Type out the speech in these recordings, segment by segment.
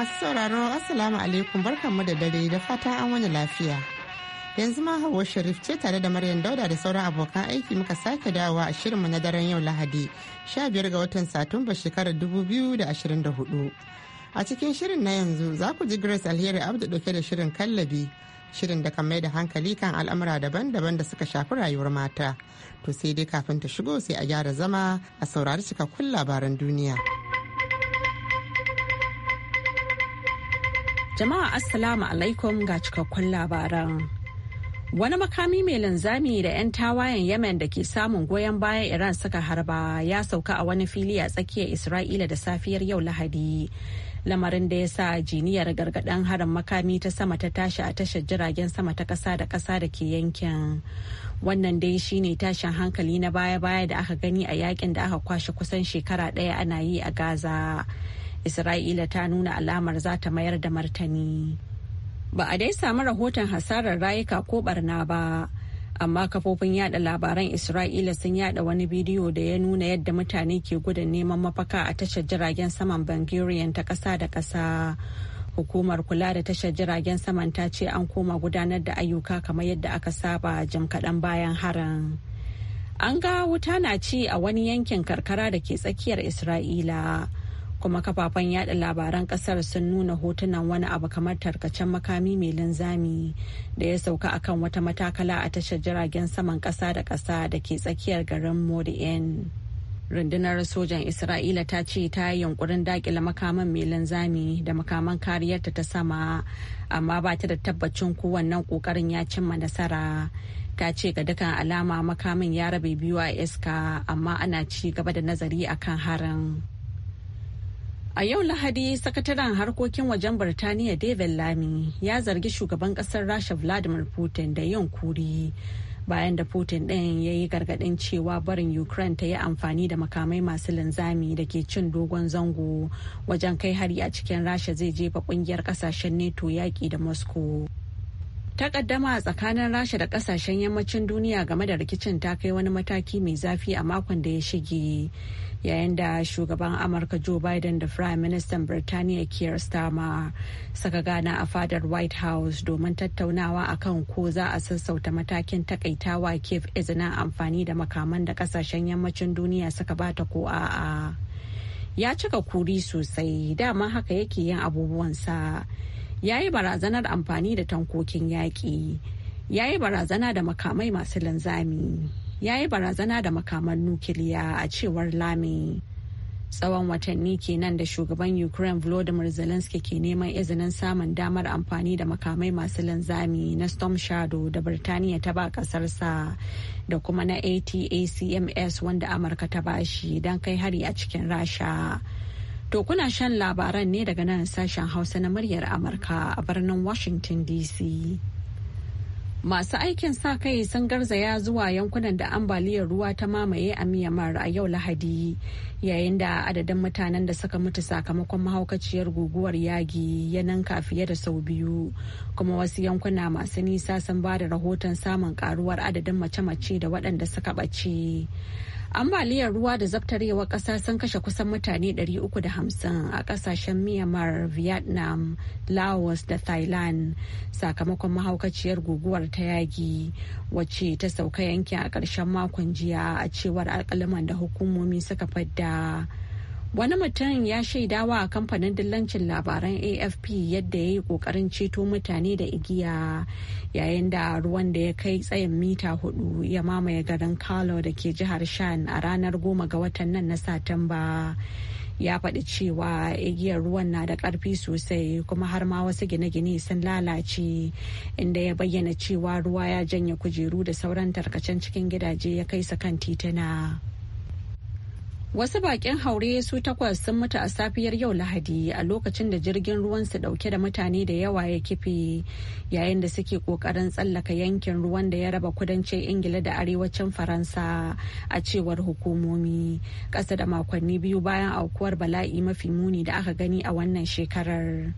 masu sauraro assalamu alaikum barkanmu da dare da fatan an wani lafiya yanzu ma hawa sharif ce tare da maryam dauda da sauran abokan aiki muka sake dawowa a shirinmu na daren yau lahadi 15 ga watan satumba shekarar 2024 a cikin shirin na yanzu za ku ji grace alheri abdu dauke da shirin kallabi shirin da kan maida da hankali kan al'amura daban-daban da suka shafi rayuwar mata to sai dai kafin ta shigo sai a gyara zama a saurari cikakkun labaran duniya. Jama'a Assalamu alaikum ga cikakkun labaran. Wani makami mai linzami da 'yan tawayen Yemen da ke samun goyon bayan Iran suka harba ya sauka a wani fili a tsakiyar Isra'ila da safiyar yau Lahadi. Lamarin da ya sa jiniyar gargaɗin harin makami ta sama ta tashi a tashar jiragen sama ta ƙasa da ƙasa da ke yankin. Wannan dai shine tashin hankali na baya-baya da aka gani a yakin da aka kwashe kusan shekara ɗaya ana yi a Gaza. isra'ila ta nuna alamar za ta mayar da martani ba a dai samu rahoton hasarar rayuka ko barna ba amma kafofin yada labaran isra'ila sun yada wani bidiyo da ya nuna yadda mutane ke gudun neman mafaka a tashar jiragen saman bangarian ta ƙasa da ƙasa hukumar kula da tashar jiragen saman ta ce an koma gudanar da ayyuka kamar yadda aka saba jim kaɗan bayan harin an ga wuta na ci a wani yankin karkara da ke tsakiyar isra'ila kuma kafafen yada labaran kasar sun nuna hotunan wani abu kamar tarkacen makami mai linzami da ya sauka akan wata matakala a tashar jiragen saman kasa da kasa da ke tsakiyar garin modi'in rundunar sojan isra'ila ta ce ta yi yunkurin dakila makaman mai linzami da makaman kariyarta ta sama amma ba ta da tabbacin ko wannan kokarin ya cimma nasara ta ce ga dukkan alama makamin ya rabe biyu a iska amma ana ci gaba da nazari akan harin A yau Lahadi, sakataren harkokin wajen Birtaniya David Lamy ya zargi shugaban kasar Rasha Vladimir Putin da yin kuri. Bayan da Putin ɗin ya yi gargaɗin cewa barin Ukraine ta yi amfani da makamai masu linzami da ke cin dogon zango wajen kai hari a cikin Rasha zai jefa ƙungiyar ƙasashen NATO yaƙi da Moscow. takaddama a tsakanin rasha da kasashen yammacin duniya game da rikicin ta kai wani mataki mai zafi a makon da ya shige yayin da shugaban amurka joe biden da prime minister birtaniya keir starmer suka gana a fadar white house domin tattaunawa akan ko za a sassauta matakin takaitawa kif izinin amfani da makaman da kasashen yammacin duniya suka bata ko a'a ya cika kuri sosai dama haka yake yin abubuwansa. sa ya yi barazanar amfani da tankokin yaƙi ya yi barazana da makamai masu linzami ya yi barazana da makaman nukiliya a cewar lami tsawon watanni kenan da shugaban ukraine volodymyr zelensky ke neman izinin samun damar amfani da makamai masu linzami na storm shadow da birtaniya ta ba kasarsa da kuma na atacms wanda amurka ta bashi don kai hari a cikin rasha To kuna shan labaran ne daga nan sashen Hausa na muryar Amurka a birnin Washington DC. Masu aikin sa kai sun garzaya zuwa yankunan da ambaliyar ruwa ta mamaye a Myanmar a yau Lahadi, yayin da adadin mutanen da suka mutu sakamakon mahaukaciyar guguwar yagi ya ninka fiye da sau biyu, kuma wasu yankuna masu nisa sun ba da rahoton samun karuwar adadin mace-mace da waɗanda suka ɓace. ambaliyar ruwa da zabtarewar ƙasa sun kashe kusan mutane 350 a ƙasashen myanmar vietnam laos da thailand sakamakon mahaukaciyar guguwar ta yagi wacce ta sauka yankin a ƙarshen makon jiya a cewar alƙalaman da hukumomi suka fadda. wani mutum ya shaidawa a kamfanin dillancin labaran afp yadda ya yi kokarin ceto mutane da igiya yayin da ruwan da ya kai tsayin mita hudu ya mamaye garin kalo da ke jihar shan a ranar goma ga watan nan na satumba ya faɗi cewa igiyar ruwan na da ƙarfi sosai kuma har ma wasu gine-gine sun lalace inda ya bayyana cewa ruwa ya janye kujeru da sauran tarkacen cikin gidaje ya kai su kan titina. Wasu bakin haure su takwas sun mutu a safiyar yau Lahadi a lokacin da jirgin ruwan su dauke da mutane da yawa ya kife yayin da suke kokarin tsallaka yankin ruwan da ya raba kudancin Ingila da arewacin Faransa a cewar hukumomi. ƙasa da makonni biyu bayan aukuwar bala'i mafi muni da aka gani a wannan shekarar.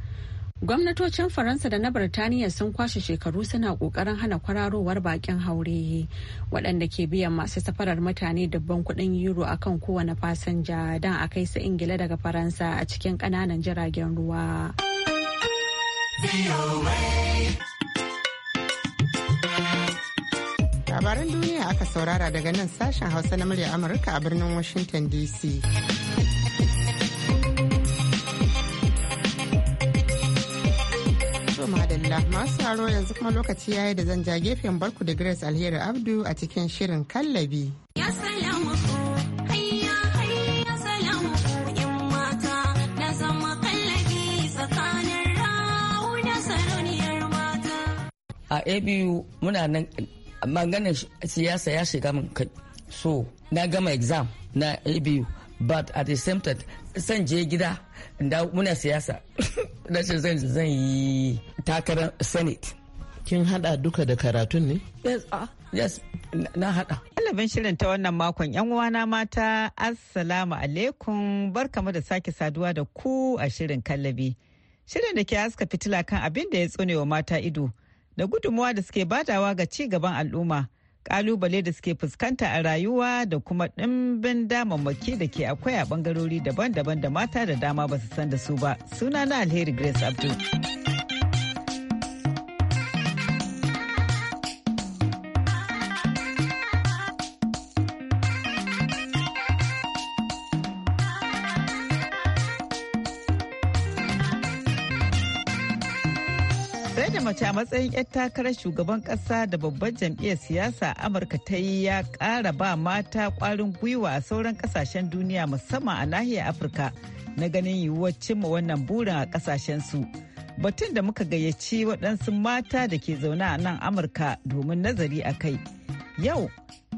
Gwamnatocin Faransa da na Birtaniya sun kwashe shekaru suna ƙoƙarin hana kwararowar bakin haure waɗanda ke biyan masu safarar mutane dubban kuɗin euro a kan kowane fasinja don a kai su Ingila daga Faransa a cikin ƙananan jiragen ruwa. Labaran duniya aka saurara daga nan sashen Hausa na murya Amurka a birnin Washington DC. masu yanzu kuma lokaci ya yi da zan ja gefen barku da Grace Alheri Abdu a cikin shirin kallabi. a abu muna nan maganar siyasa ya shiga min kai so na gama exam na abu but at the same time san je gida da muna siyasa na zan zan yi takarar senate kin hada duka da karatun ne yes ah yes na hada ɗalibin shirin ta wannan makon yan uwana mata assalamu alaikum barkamu da sake saduwa da ku a shirin kallabi shirin da ke haska fitila kan abin da ya tsone wa mata ido da gudunmuwa da suke badawa ga ci gaban al'umma kalubale da suke fuskanta a rayuwa da kuma ɗimbin damammaki da ke akwai a bangarori daban-daban da mata da dama ba su san da su ba. suna na Alheri Grace Abdul. wacce a matsayin 'yar takarar shugaban kasa da babban jam'iyyar siyasa amurka ta yi ya kara ba mata kwarin gwiwa a sauran kasashen duniya musamman a nahiyar afirka na ganin yiwuwar cimma wannan burin a kasashensu batun da muka gayyaci waɗansu mata da ke zaune a nan amurka domin nazari a kai yau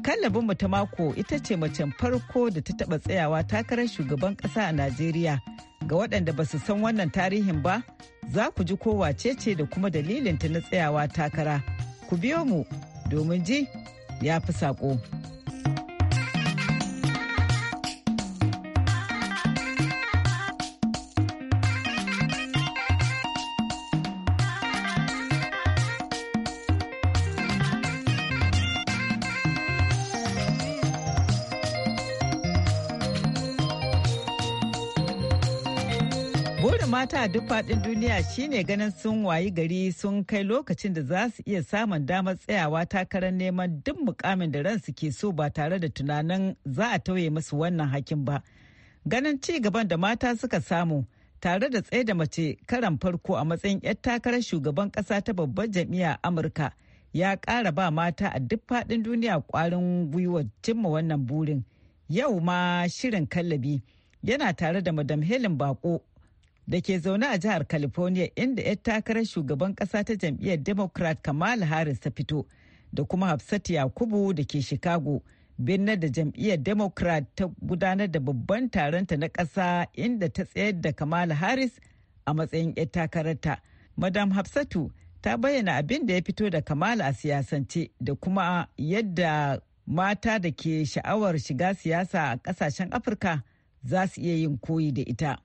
kallabinmu ta mako ita ce macen farko da ta taɓa tsayawa takarar shugaban ƙasa a najeriya Ga waɗanda ba su san wannan tarihin ba, za ku ji ko wacece da kuma dalilinta na tsayawa takara. Ku biyo mu domin ji ya fi saƙo. mata a duk faɗin duniya shine ganin sun wayi gari sun kai lokacin da za su iya samun damar tsayawa takarar neman duk mukamin da ransu ke so ba tare da tunanin za a tauye musu wannan hakin ba. Ganin ci gaban da mata suka samu tare da tsaye da mace karan farko a matsayin 'yar takarar shugaban ƙasa ta babbar jam'i'a Amurka ya ƙara ba mata a duk faɗin duniya kwarin gwiwar cimma wannan burin. Yau ma shirin kallabi yana tare da Madam Helen Bako da ke zaune a jihar California inda 'yar takarar shugaban kasa ta jam'iyyar Democrat kamal Harris ta fito da kuma Hafsat Yakubu da ke Chicago birna da jam'iyyar Democrat ta gudanar da babban taronta na kasa inda ta tsayar da kamal Harris a matsayin 'yar takararta. Madam Hafsatu ta bayyana abin da ya fito da kamal a siyasance da kuma yadda mata da ke sha'awar shiga siyasa a kasashen Afirka za su iya yin koyi da ita.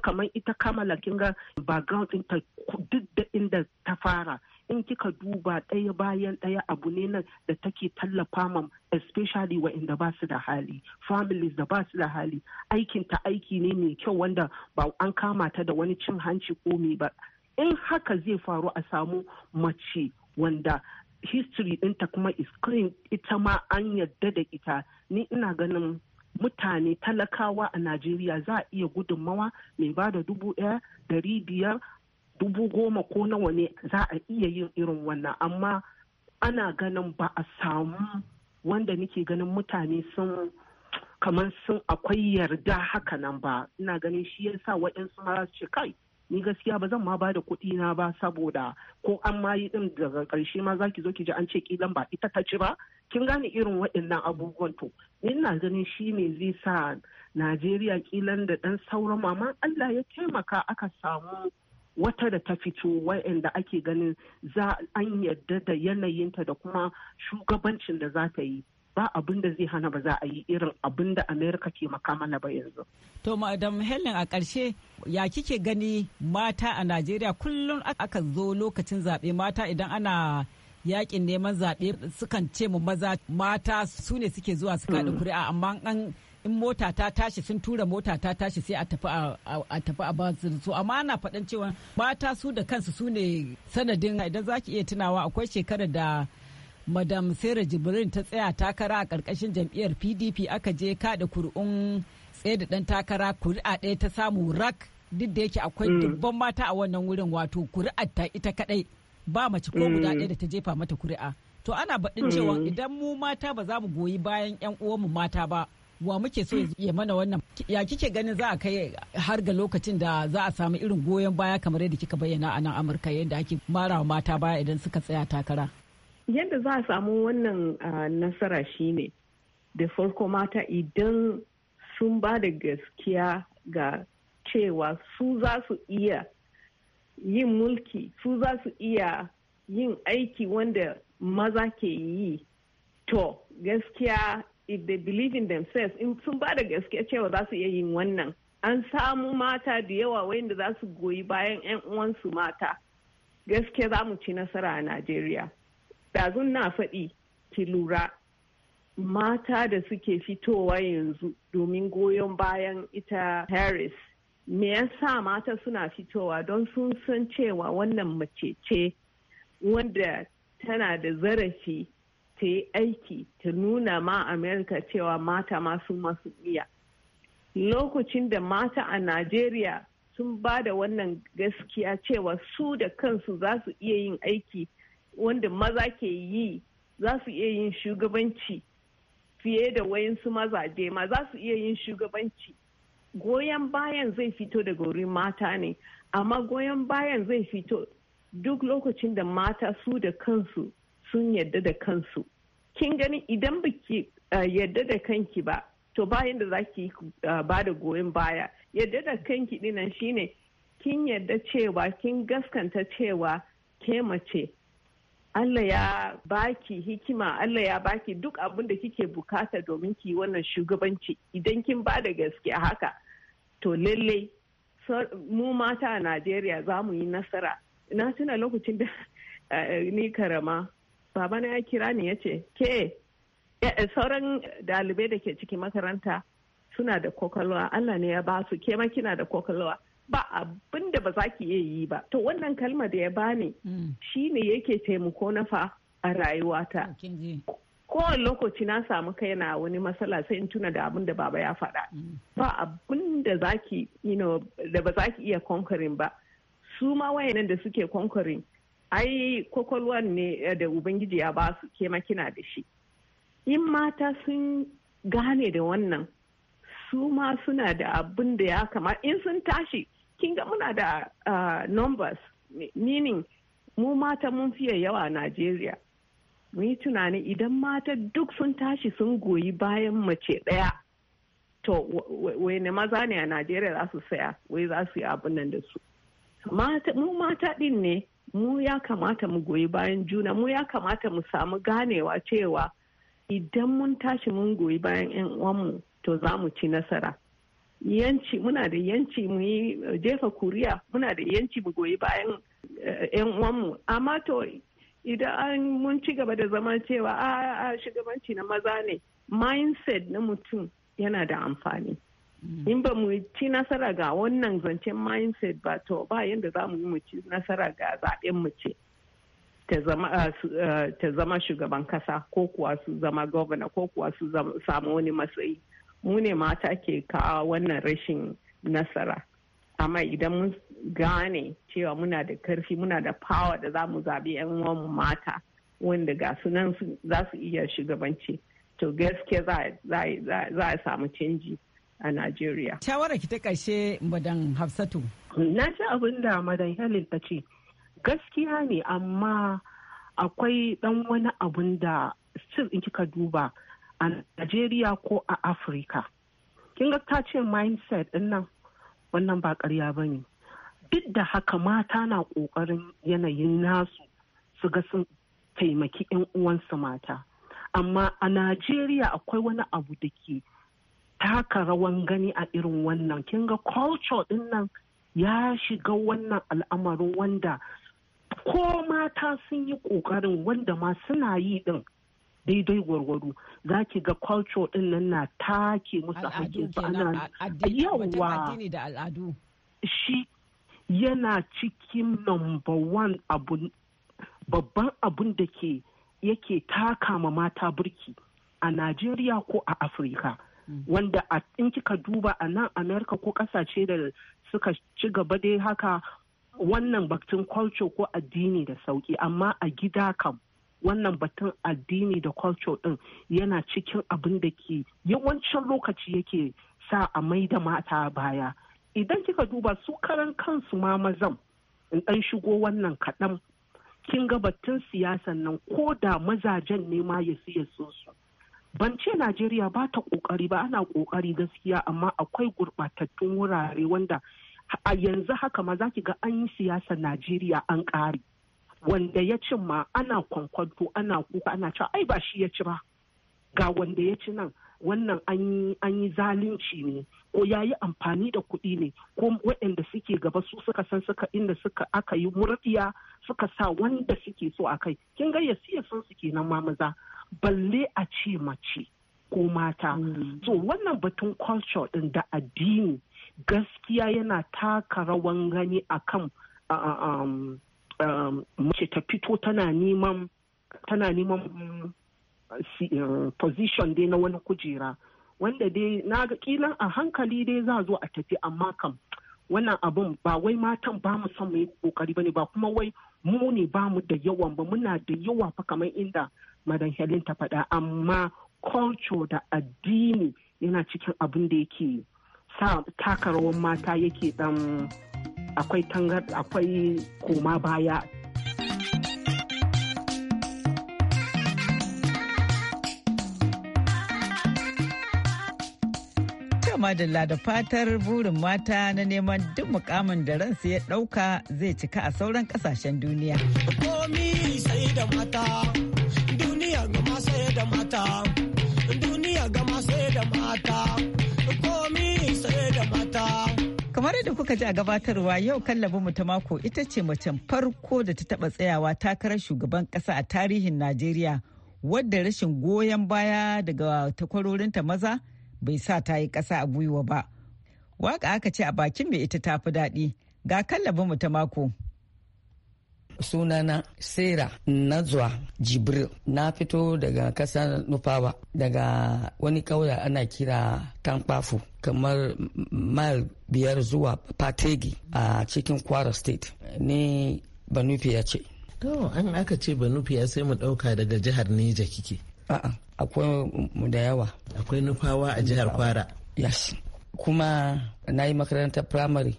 kamar ita kamala kinga background ɗinta duk da inda ta fara in kika duba ɗaya bayan ɗaya abu ne nan da take tallafa ma especially wa'inda ba su da hali families da ba su da hali aikin ta aiki ne mai kyau wanda ba an kama ta da wani cin hanci ko me ba in haka zai faru a samu mace wanda history ɗinta kuma is clean ita ma an yadda da ita ni ina ganin mutane talakawa a najeriya za a iya gudunmawa mai ba da dubu ɗaya dari biyar dubu goma ko nawa ne za a iya yin irin wannan amma ana ganin ba a samu wanda nike ganin mutane sun kamar sun akwai yarda haka nan ba ina ganin shi ya sa waɗansu ma ce kai ni gaskiya ba zan ma ba da kuɗi na ba saboda ko an ma yi ɗin daga ƙarshe ma za ki zo ki ji an ce kilan ba ita ta ci ba kin gane irin waɗannan abubuwan to ni ina ganin shi ne zai sa najeriya kilan da ɗan sauran maman allah ya taimaka aka samu wata da ta fito wa'anda ake ganin za an yadda da yanayinta da kuma shugabancin da za ta yi ba abin da zai hana ba za a yi irin abin da amerika ke mana ba yanzu to madam helen a ƙarshe ya kike gani mata a najeriya kullum aka zo lokacin zaɓe mata idan ana yakin neman zaɓe sukan ce mu maza mata su ne suke zuwa su kaɗi mm. kuri'a amma an in mota ta tashi sun tura mota ta tashi sai a tafi a tafi amma ana faɗan cewa mata su da kansu su ne sanadin idan za ki iya tunawa akwai shekarar da madam sarah jibrin ta tsaya takara a ƙarƙashin jam'iyyar pdp aka je kaɗa kuri'un tsaye da ɗan takara kuri'a ɗaya ta samu rak duk da yake akwai mm. dubban mata a wannan wurin wato kuri'a ta ita kaɗai ba mace ko guda mm. ɗaya da ta jefa mata kuri'a to ana baɗin mm. cewa idan mu mata ba za mu goyi bayan 'yan uwanmu mata ba wa muke so ya mm. mana wannan ya kike ganin za a kai har ga lokacin da za a samu irin goyon baya kamar yadda kika bayyana a nan amurka yadda ake mara mata baya idan suka tsaya takara yadda za a samu wannan nasara shine da farko mata idan sun ba da gaskiya ga cewa su za su iya yin mulki su za su iya yin aiki wanda maza ke yi to gaskiya if they believe in themselves in sun ba da gaskiya cewa za su iya yin wannan an samu mata da yawa wayanda za su goyi bayan 'yan uwansu mata gaskiya za mu ci nasara a najeriya dazun na faɗi ki lura mata da suke fitowa yanzu domin goyon bayan ita harris me yasa mata suna fitowa don sun san cewa wannan mace ce wanda tana da zarafi ta yi aiki ta nuna ma amerika cewa mata masu masu iya lokacin da mata a najeriya sun ba da wannan gaskiya cewa su da kansu za su iya yin aiki wanda maza ke yi za su iya yin shugabanci fiye da wayansu mazaje ma za su iya yin shugabanci goyon bayan zai fito daga wurin mata ne amma goyon bayan zai fito duk lokacin da mata su da kansu sun yadda da kansu kin gani idan baki eh, yadda da kanki ba to bayan da za ki eh, ba da goyon baya yadda da kanki dinan shine kin yadda cewa kin gaskanta cewa ke mace Allah ya baki hikima Allah ya baki duk abin da kike bukata domin ki wannan shugabanci idan kin ba da a haka to lalle mu mata a Najeriya za mu yi nasara na tuna lokacin da eh, ni karama babana ya kira ni ya ce ke eh, eh, sauran dalibai da ke cikin makaranta suna da kwakwalwa Allah ne ya ba su ke ma kina da kwakwalwa ba abin da ba za ki iya yi ba to wannan kalma da ya bani mm. shi ne yake taimako na fa a rayuwata oh, kowane lokaci na samu kai kaina wani matsala sai in tuna da abin da baba ya faɗa mm. ba abin da za ki da ba za ki iya conquering ba su ma wayannan da suke conquering ai kwakwalwar ne da ubangiji ya ba su ke kina da shi in mata sun gane da wannan su ma suna da abin da ya kama in sun tashi kin ga muna da ah, numbers meaning mu mata mun fiye yawa a Najeriya. Mu yi tunani idan mata duk sun tashi sun goyi bayan mace ɗaya. To, wai ne maza ne a Najeriya za su saya, wai za su yi abin nan da su. Mu mata ɗin ne, mu ya kamata mu goyi bayan juna, mu ya kamata mu samu ganewa cewa idan mun tashi mun goyi bayan 'yan uwanmu to za mu ci nasara. yanci muna da yanci mu yi uh, jefa kuriya muna da yanci mu goyi bayan uh, yan uwanmu amma to idan an mun ci gaba da zaman cewa a shugabanci na maza ne mindset na mutum yana da amfani mm. in ba mu ci nasara ga wannan zancen mindset ba to ba yadda za mu yi mu ci nasara ga zaɓen mu ce ta zama uh, shugaban kasa ko kuwa su zama gwamna ko kuwa su samu wani matsayi mu ne mata ke kawo wannan rashin nasara amma idan mun gane cewa muna da karfi muna da power da za mu zaɓi 'yan uwanmu mata wanda ga su nan za su iya shugabanci to gaske za a samu canji a Najeriya. Shawara ki ta ƙarshe madan Hafsatu. Na ci abin da madan Helen ta ce gaskiya ne amma akwai ɗan wani abun da still in kika duba a Najeriya ko a Afirka. Kin ga ta ce mindset din nan wannan ba ƙarya ba ne. Duk da haka mata na ƙoƙarin yanayin nasu su ga sun taimaki 'yan uwansu mata. Amma a Najeriya akwai wani abu da ke taka rawan gani a irin wannan. Kin ga culture din nan ya shiga wannan al'amarin wanda ko mata sun yi ƙoƙarin wanda ma suna yi din daidai gwargwado za ki ga culture din nan na take musu hakkin su ana yawa shi yana cikin number one abun babban abun da ke yake taka ma mata burki a Najeriya ko a Afirka. Mm. Wanda a, in kika duba a nan Amerika ko kasashe da suka ci gaba dai haka wannan baktin culture ko addini da sauki amma a gida kam wannan batun addini da culture din yana cikin abin da ke yawancin lokaci yake sa a mai da mata baya idan kika duba su karan kansu ma mazan in ɗan shigo wannan kaɗan kin ga batun siyasan nan ko da mazajen ne ma ya siya su ban ce najeriya ba ta ƙoƙari ba ana ƙoƙari gaskiya amma akwai gurɓatattun wurare wanda a yanzu haka ma za ki ga an yi siyasar najeriya an ƙare wanda ya ci ma ana kwankwanto ana kuka ana cewa ai ba shi ya ci ba ga wanda ya ci nan wannan an yi zalunci ne ko ya yi amfani da kuɗi ne ko waɗanda suke gaba su suka san suka inda suka aka yi murɗiya suka sa wanda suke so a kai kin ga ya siya sun suke nan ma maza balle a ce mace ko mata mm. so wannan batun culture ɗin da addini gaskiya yana taka rawan gani akan Um, mace ta fito tana neman tana neman uh, uh, position dai na wani kujera wanda dai na ga kila a hankali dai za zo a tafi amma kam wannan abun ba wai matan ba mu son mu yi kokari ne ba kuma wai mu ne ba mu da yawan ba muna da yawa fa kamar inda madan Helen ta faɗa amma culture da addini yana cikin abin da yake sa taka rawan mata yake dan um, akwai tangar akwai koma baya madalla da fatar burin mata na neman duk mukamin da ransu ya ɗauka zai cika a sauran ƙasashen duniya. Komi sai da mata, duniya gama sai da mata, duniya gama sai da mata. kamar da kuka ji a gabatarwa yau kallabin ta mako ita ce macen farko da ta taba tsayawa takarar shugaban kasa a tarihin najeriya wadda rashin goyon baya daga takwarorinta maza bai sa ta yi kasa a gwiwa ba waka aka ce a bakin mai ita tafi daɗi ga kallabin mu ta mako sunana sera nazwa jibril na fito daga kasar nufawa daga wani kauya ana kira tankpafu kamar mal biyar zuwa pategi a cikin kwara state ni banufiya ce to an aka ce banufiya sai mu dauka daga jihar neja kike a'a akwai mu da yawa akwai nufawa a jihar kwara yes kuma na yi makarantar primary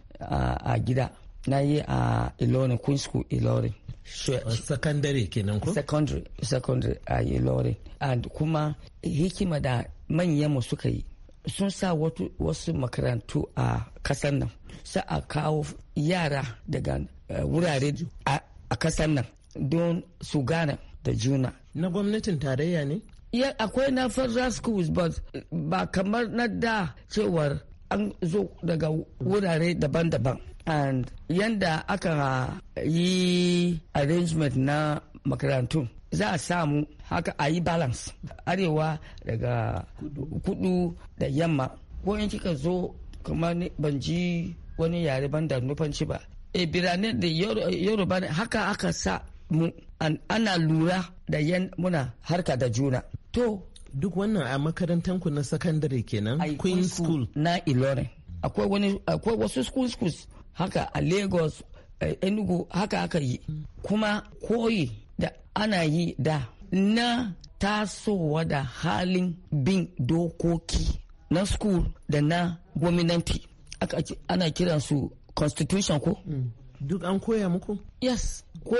a gida na yi a ilorin queen school ilorin secondary kenan ko secondary secondary a ilorin and kuma hikima da manyanmu suka yi sun sa wasu makarantu a kasar nan sa a kawo yara daga eh, wurare a kasar nan don su gana da juna na gwamnatin tarayya ne ya akwai na federal schools but ba kamar na da cewar an zo daga wurare daban-daban and yanda aka yi arrangement na makarantu za a samu haka a yi balance arewa daga kudu da yamma ko in kika zo kamar ban ji wani yare ban da nufanci ba e birane da yoruba haka aka sa mu ana lura da yan muna harka da juna to duk wannan a makarantar ku na sakandare kenan queen school na ilorin akwai wasu school schools haka a lagos enugu haka aka yi kuma koyi da ana yi da na tasowa da halin bin dokoki na school da na gwamnati ana kiransu constitution ko mm. duk an koya muku? Yes, ko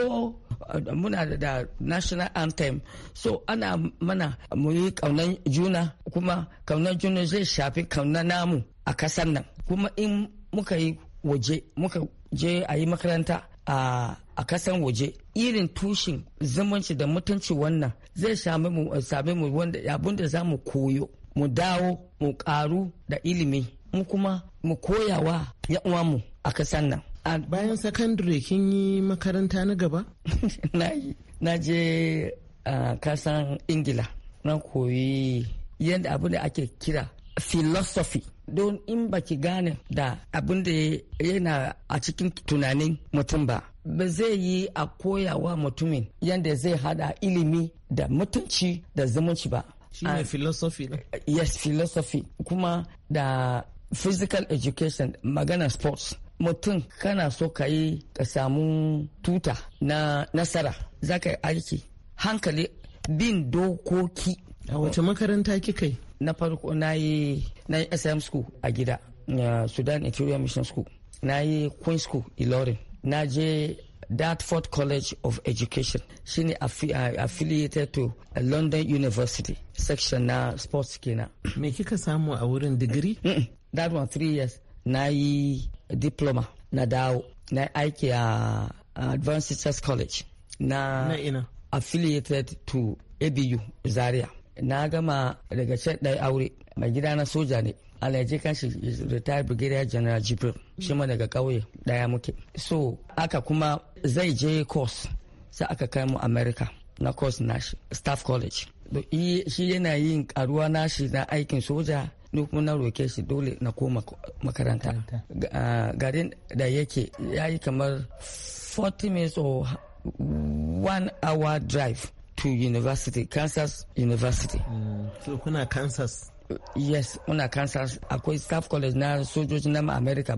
uh, muna da, national anthem. So ana mana mu yi kaunan juna kuma kaunan juna zai shafi kaunan namu a kasar nan. Kuma in muka yi waje muka je a yi makaranta a a kasan waje irin tushen zumunci da mutunci wannan zai same mu wanda abin da za mu koyo mu dawo mu karu da ilimi mu kuma mu koyawa ya mu a kasan nan bayan sakandare kin yi makaranta na gaba na je kasan ingila na koyi yadda abin da ake kira philosophy don in baki gane da abin da yana a cikin tunanin mutum ba ba zai yi a koyawa mutumin yadda zai hada ilimi da mutunci da zumunci ba shi ah. philosophy ne yes philosophy kuma da physical education magana sports mutum kana so ka yi ka samu tuta na nasara za ka yi aiki hankali bin dokoki a wace makaranta kika yi na farko na yi sm school a gida sudan interior mission school na yi queen school ilorin na je Dartford College of Education shine affi affiliated to uh, London University section na sports kenan. Me kika samu a wurin digiri? Mm -mm. That one three years na yi diploma na dawo na aiki a uh, Advanced Teachers College na, na ina. affiliated to ABU Zaria. na gama daga can ɗaya aure mai gida na soja ne alhaji shi retired brigadier general jibril shi ma daga ƙauye ɗaya muke so aka kuma zai je course sai aka kai mu america na course nashi staff college shi yana yin karuwa nashi na aikin soja ni kuma na roke shi dole na koma makaranta garin da yake ya yi kamar 40 minutes or one hour drive to university kansas university mm, so kuna kansas yes muna kansas akwai staff college na sojoji na america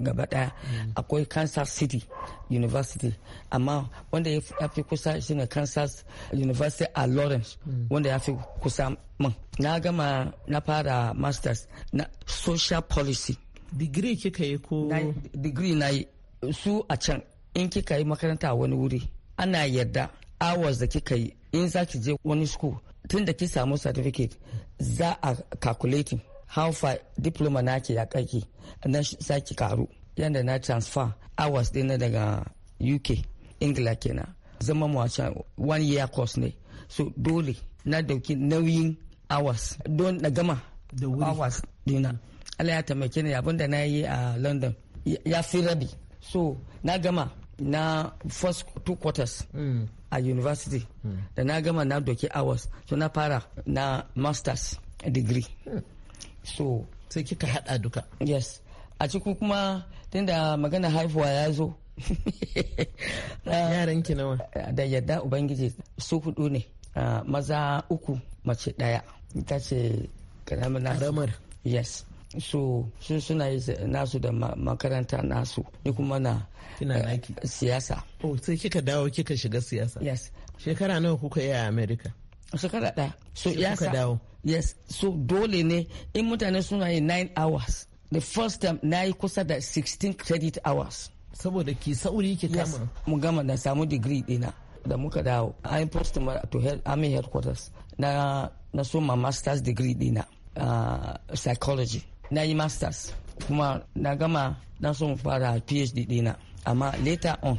gaba daya mm. akwai kansas city university amma wanda ya fi kusa shine kansas university a lawrence mm. wanda ya fi kusa min na gama na fara masters na social policy digiri kika yi ko digiri na yi su a can in kika yi makaranta a wani wuri ana yarda hours da kika yi in za ki je wani school tun da ki samu certificate za a calculating how far diploma naki ya kaki nan za ki karu yadda na transfer hours dina daga uk ingila kenan zama mawace one year course ne so dole na dauki nauyin hours don na gama hours dina Allah ya taimake ni abinda na yi a london ya fi rabi so na gama na first two quarters mm. a university da na gama na doki hours so na fara na masters degree so sai kika hada duka yes a cikin kuma tunda magana haifuwa ya zo yaran ki nawa da yadda ubangiji su hudu ne ah, maza uku mace daya ita ce karamar yes so sun suna yi nasu da makaranta nasu ni kuma na eh, siyasa oh sai kika dawo kika shiga siyasa yes shekara nawa kuka yi a america shekara ɗaya so sa dawo yes so dole ne in mutane suna yi 9 hours the first time na yi kusa da 16 credit hours saboda ki sauri ki kama mu gama na samu digiri dina da muka dawo an post to help army headquarters na na ma master's degree dina uh, ah, psychology na yi masters kuma na gama na son fara phd dina amma later on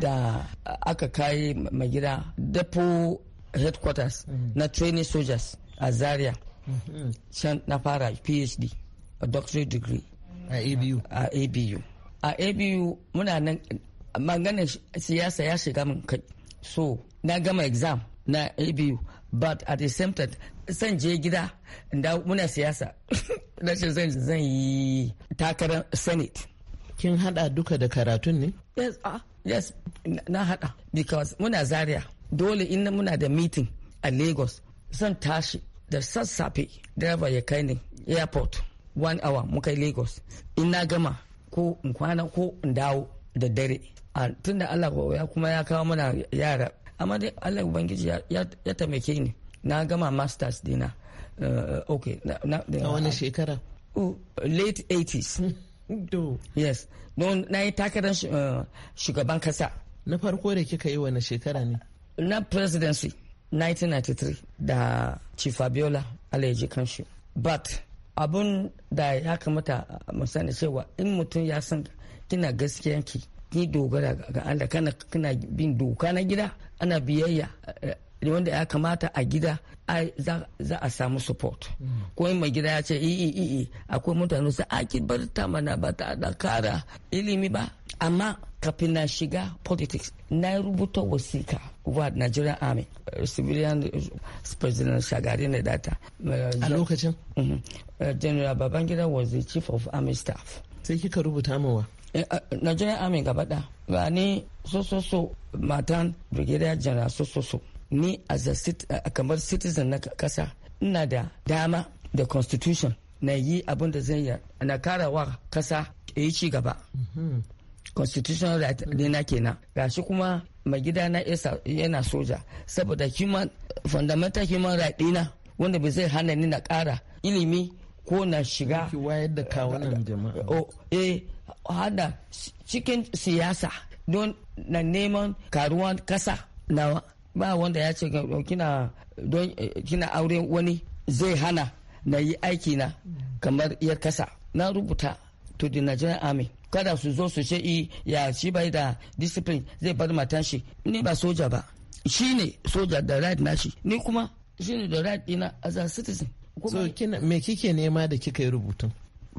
da aka kai gida. depo headquarters na training soldiers a zaria can na fara phd a doctorate degree a abu a abu a abu muna nan maganin siyasa ya shiga min kai so na gama exam na abu but at the same time san je gida da muna siyasa rashin zan zan yi takarar senate kin hada duka da karatun ne yes ah yes na hada because muna zaria dole in muna da meeting a lagos zan tashi da sassafe driver ya kai ni airport one hour muka lagos in na gama ko in kwana ko in dawo da dare ah, tunda allah ya kuma ya kawo mana yara amma dai allah ubangiji ya taimake ni na gama masters dina eh, ok na wani shekara oh, late 80s do yes N'o na yi takarar eh, shugaban kasa na farko da kika yi wani shekara ne na presidency 1993 da chief fabiola alayaji kanshi but abun da ya kamata mu sani cewa in mutum ya san kina gaskiyanki ki dogara ga Allah kana bin doka na gida ana biyayya eh, wanda ya kamata a gida za a samu support mm. ko mai gida ya ce ii ii akwai mutane su aki bar ta mana ba ta da kara ilimi ba amma kafin na shiga politics na rubuta wasika wa nigerian army eh, civilian eh, president shagari na data a lokacin mhm, general babangida was the chief of army staff sai kika rubuta mawa Eh, eh, nigerian army gaba da ba ni so so so matan brigadier general so ni as a eh, kamar citizen na kasa ina da dama da constitution na yi abin da zan yi na karawa kasa yi ci gaba mhm. constitutional right na kenan gashi kuma mai gida na yana soja saboda human fundamental human right dina wanda bai zai hana ni na kara ilimi ko na shiga wayar da kawunan jama'a hada cikin siyasa don na neman karuwan kasa nawa ba wanda ya ce kina don kina aure wani zai hana na yi aiki na kamar ya kasa na rubuta to the Nigerian army kada su zo su ce ya shi bai da discipline zai bar matan shi ni ba soja ba shi ne soja da right na shi ni kuma shi ne da right dina as a citizen so me kike nema da kika yi rubutun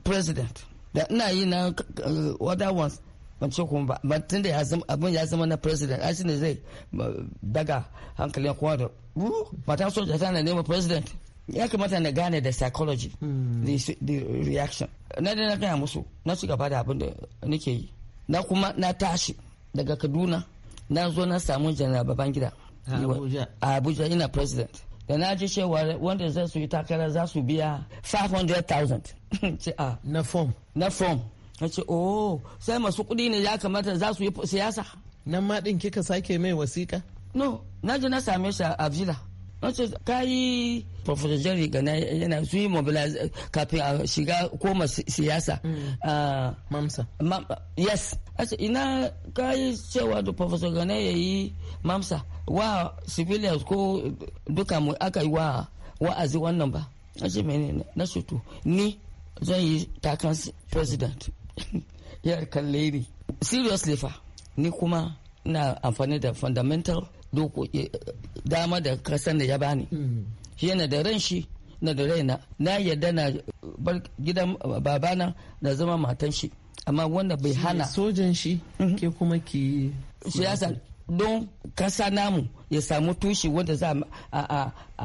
president da ina yi na eh, other ones ban ce kuma ba tun da abin ya zama na president a ne zai eh, daga hankalin kowa da mata soja tana nema president ya kamata na gane da psychology hmm. the reaction na da na gaya musu na ci gaba da abin da nake yi na kuma na tashi daga kaduna na zo na samu janar babangida a abuja ina president da na ji cewa wanda za su yi takara za su biya 500,000 ah, na form na form na ce oh sai masu kudi ne ya kamata za su yi siyasa nan ma din kika sake mai wasiƙa no na ji na same shi a villa wasu kayi professor jerry gana yana su yi kafin a shiga koma siyasa mm. ah, mamsa yes ina kayi cewa da professor gana ya yi mamsa wa civilians ko duka mu aka yi wa wa'azi wannan ba a ce mene na sutu ni zan yi takan president yar kalle ni seriously fa ni kuma na amfani da fundamental dokoki eh, dama da kasan da ya bani mm. yana da ran shi na da raina na yadda na bar gidan eh, babana na zama matan shi amma wanda bai hana sojan shi mhm. ke kuma ki siyasa don kasa namu ya samu tushe wanda za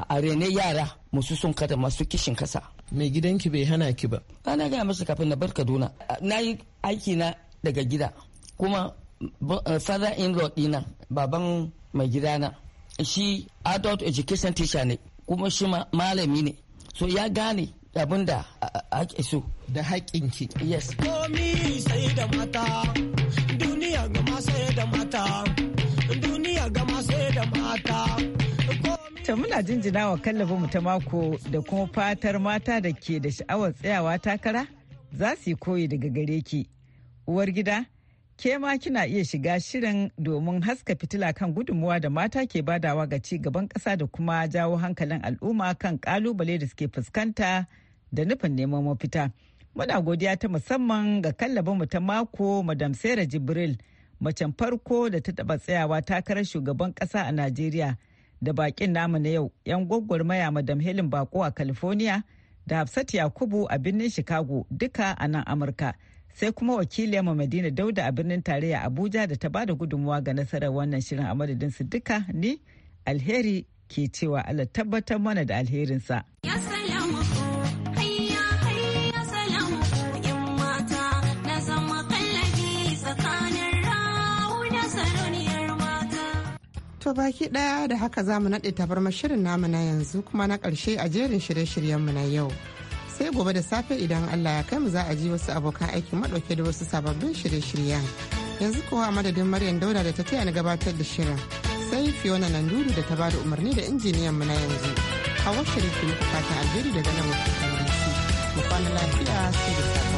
a rene yara musu sun kada masu kishin kasa mai gidanki bai hana ki ba ana gaya masa kafin na bar kaduna na yi aiki na daga gida kuma eh, father in law dina baban mai gidana shi adult education teacher ne kuma shi malami ne so ya gane abin da ake so da ki yes komi sai da mata duniya gama sai da mata duniya gama sai da mata ta muna jinjina wa mu ta mako da kuma fatar mata da ke da sha'awar tsayawa takara za su yi koyi daga gare ki uwar gida ke ma kina iya shiga shirin domin haska fitila kan gudunmuwa da mata ke badawa ga ci gaban ƙasa da kuma jawo hankalin al'umma kan ƙalubale da suke fuskanta da nufin neman mafita. Muna godiya ta musamman ga mu ta mako Madam Sarah Jibril, macen farko da ta taɓa tsayawa takarar shugaban ƙasa a Najeriya da baƙin namu na yau, 'yan gwaggwarmaya Madam Helen Bako a California da Hafsat Yakubu a birnin Chicago duka a nan Amurka. sai kuma wakiliyarmu madina dauda a birnin tarayya abuja da ta bada gudunmuwa ga nasarar wannan shirin a madadin su duka ni alheri ke cewa allah tabbatar mana da alherinsa To baki ɗaya da haka za mu naɗe tabarmar shirin namu na yanzu kuma na ƙarshe a jerin shirye-shiryenmu na yau. sai gobe da safe idan allah ya kai mu za a ji wasu abokan aiki maɗauke da wasu sababbin shirye-shiryen yanzu kowa madadin maryam dauda da ta taya na gabatar da shirin sai fiona duru da ta bada umarni da injiniyan mu na yanzu a wasu rikin fatan alheri daga nan wasu mu kwana lafiya sai da safe